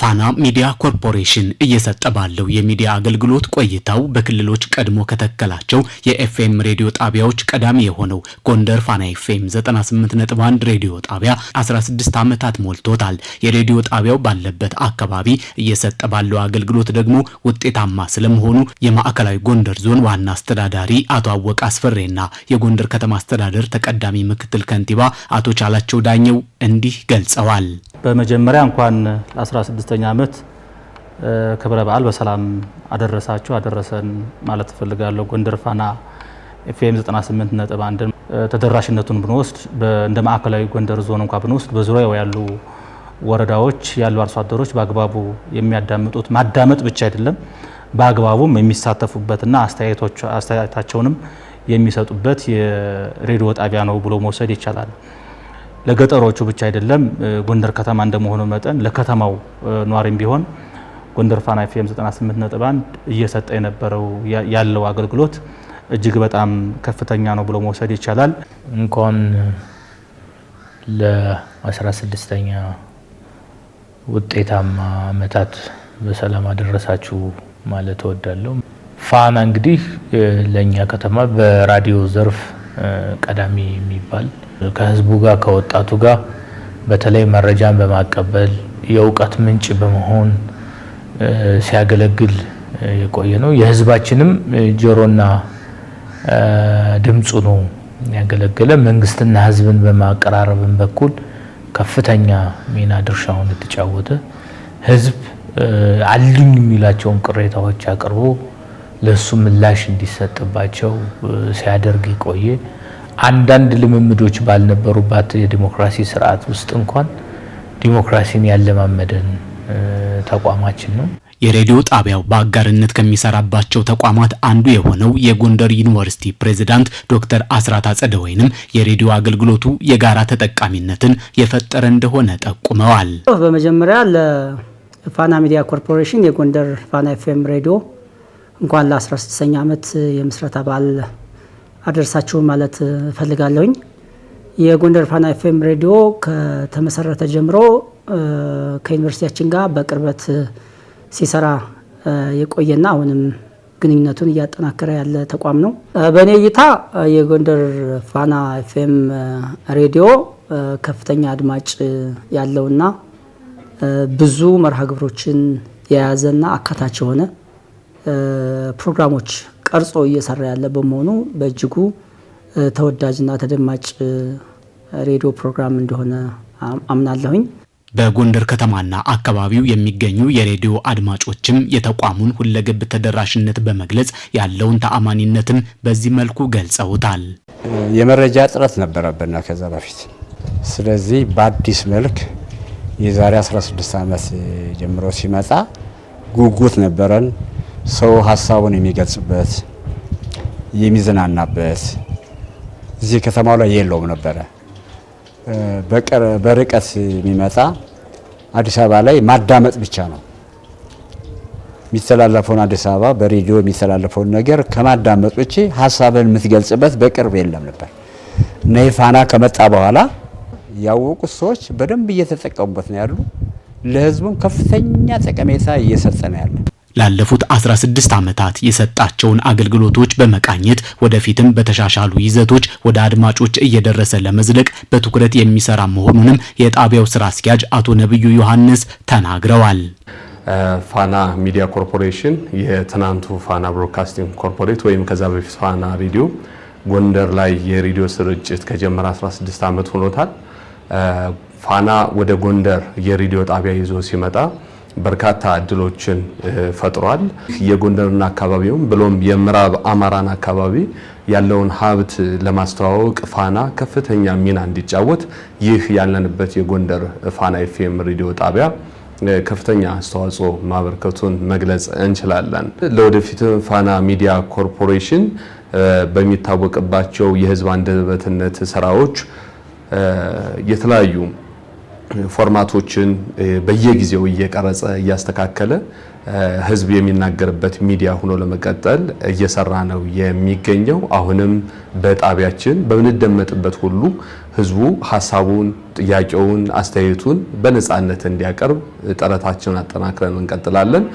ፋና ሚዲያ ኮርፖሬሽን እየሰጠ ባለው የሚዲያ አገልግሎት ቆይታው በክልሎች ቀድሞ ከተከላቸው የኤፍኤም ሬዲዮ ጣቢያዎች ቀዳሚ የሆነው ጎንደር ፋና ኤፍኤም 98.1 ሬዲዮ ጣቢያ 16 ዓመታት ሞልቶታል። የሬዲዮ ጣቢያው ባለበት አካባቢ እየሰጠ ባለው አገልግሎት ደግሞ ውጤታማ ስለመሆኑ የማዕከላዊ ጎንደር ዞን ዋና አስተዳዳሪ አቶ አወቅ አስፈሬና የጎንደር ከተማ አስተዳደር ተቀዳሚ ምክትል ከንቲባ አቶ ቻላቸው ዳኘው እንዲህ ገልጸዋል። በመጀመሪያ እንኳን ለ16ኛ ዓመት ክብረ በዓል በሰላም አደረሳችሁ አደረሰን ማለት እፈልጋለሁ። ጎንደር ፋና ኤፍኤም 98 ነጥብ አንድ ተደራሽነቱን ብንወስድ እንደ ማዕከላዊ ጎንደር ዞን እንኳ ብንወስድ በዙሪያው ያሉ ወረዳዎች ያሉ አርሶ አደሮች በአግባቡ የሚያዳምጡት ማዳመጥ ብቻ አይደለም፣ በአግባቡም የሚሳተፉበትና አስተያየታቸውንም የሚሰጡበት የሬዲዮ ጣቢያ ነው ብሎ መውሰድ ይቻላል። ለገጠሮቹ ብቻ አይደለም፣ ጎንደር ከተማ እንደመሆኑ መጠን ለከተማው ኗሪም ቢሆን ጎንደር ፋና ኤፍ ኤም 98.1 እየሰጠ የነበረው ያለው አገልግሎት እጅግ በጣም ከፍተኛ ነው ብሎ መውሰድ ይቻላል። እንኳን ለ16ኛ ውጤታማ ዓመታት በሰላም አደረሳችሁ ማለት እወዳለሁ። ፋና እንግዲህ ለእኛ ከተማ በራዲዮ ዘርፍ ቀዳሚ የሚባል ከህዝቡ ጋር ከወጣቱ ጋር በተለይ መረጃን በማቀበል የእውቀት ምንጭ በመሆን ሲያገለግል የቆየ ነው። የህዝባችንም ጆሮና ድምፁ ነው ያገለገለ። መንግስትና ህዝብን በማቀራረብን በኩል ከፍተኛ ሚና ድርሻውን የተጫወተ ህዝብ አሉኝ የሚላቸውን ቅሬታዎች አቅርቦ ለእሱ ምላሽ እንዲሰጥባቸው ሲያደርግ ቆየ። አንዳንድ ልምምዶች ባልነበሩባት የዲሞክራሲ ስርዓት ውስጥ እንኳን ዲሞክራሲን ያለማመደን ተቋማችን ነው። የሬዲዮ ጣቢያው በአጋርነት ከሚሰራባቸው ተቋማት አንዱ የሆነው የጎንደር ዩኒቨርሲቲ ፕሬዝዳንት ዶክተር አስራት ወይንም የሬዲዮ አገልግሎቱ የጋራ ተጠቃሚነትን የፈጠረ እንደሆነ ጠቁመዋል። በመጀመሪያ ለፋና ሚዲያ ኮርፖሬሽን የጎንደር ፋና ኤፍኤም ሬዲዮ እንኳን ለ16ኛ ዓመት የምስረታ በዓል አደርሳችሁ ማለት እፈልጋለሁኝ። የጎንደር ፋና ኤፍኤም ሬዲዮ ከተመሰረተ ጀምሮ ከዩኒቨርሲቲያችን ጋር በቅርበት ሲሰራ የቆየና አሁንም ግንኙነቱን እያጠናከረ ያለ ተቋም ነው። በእኔ እይታ የጎንደር ፋና ኤፍኤም ሬዲዮ ከፍተኛ አድማጭ ያለውና ብዙ መርሃ ግብሮችን የያዘና አካታች የሆነ ፕሮግራሞች ቀርጾ እየሰራ ያለ በመሆኑ በእጅጉ ተወዳጅና ተደማጭ ሬዲዮ ፕሮግራም እንደሆነ አምናለሁኝ። በጎንደር ከተማና አካባቢው የሚገኙ የሬዲዮ አድማጮችም የተቋሙን ሁለገብ ተደራሽነት በመግለጽ ያለውን ተአማኒነትም በዚህ መልኩ ገልጸውታል። የመረጃ እጥረት ነበረብና ከዛ በፊት ስለዚህ በአዲስ መልክ የዛሬ 16 ዓመት ጀምሮ ሲመጣ ጉጉት ነበረን። ሰው ሀሳቡን የሚገልጽበት የሚዝናናበት እዚህ ከተማው ላይ የለውም ነበረ። በርቀት የሚመጣ አዲስ አበባ ላይ ማዳመጥ ብቻ ነው የሚተላለፈውን አዲስ አበባ በሬዲዮ የሚተላለፈውን ነገር ከማዳመጥ ውጭ ሀሳብን የምትገልጽበት በቅርብ የለም ነበር እና ፋና ከመጣ በኋላ ያወቁት ሰዎች በደንብ እየተጠቀሙበት ነው ያሉ። ለህዝቡም ከፍተኛ ጠቀሜታ እየሰጠ ነው ያለ። ላለፉት 16 ዓመታት የሰጣቸውን አገልግሎቶች በመቃኘት ወደፊትም በተሻሻሉ ይዘቶች ወደ አድማጮች እየደረሰ ለመዝለቅ በትኩረት የሚሰራ መሆኑንም የጣቢያው ስራ አስኪያጅ አቶ ነብዩ ዮሐንስ ተናግረዋል። ፋና ሚዲያ ኮርፖሬሽን የትናንቱ ፋና ብሮድካስቲንግ ኮርፖሬት ወይም ከዛ በፊት ፋና ሬዲዮ ጎንደር ላይ የሬዲዮ ስርጭት ከጀመረ 16 ዓመት ሆኖታል። ፋና ወደ ጎንደር የሬዲዮ ጣቢያ ይዞ ሲመጣ በርካታ እድሎችን ፈጥሯል። የጎንደርና አካባቢውም ብሎም የምዕራብ አማራን አካባቢ ያለውን ሀብት ለማስተዋወቅ ፋና ከፍተኛ ሚና እንዲጫወት ይህ ያለንበት የጎንደር ፋና ኤፍኤም ሬዲዮ ጣቢያ ከፍተኛ አስተዋጽኦ ማበርከቱን መግለጽ እንችላለን። ለወደፊትም ፋና ሚዲያ ኮርፖሬሽን በሚታወቅባቸው የህዝብ አንደበትነት ስራዎች የተለያዩ ፎርማቶችን በየጊዜው እየቀረጸ እያስተካከለ ህዝብ የሚናገርበት ሚዲያ ሆኖ ለመቀጠል እየሰራ ነው የሚገኘው። አሁንም በጣቢያችን በምንደመጥበት ሁሉ ህዝቡ ሀሳቡን፣ ጥያቄውን፣ አስተያየቱን በነፃነት እንዲያቀርብ ጥረታችንን አጠናክረን እንቀጥላለን።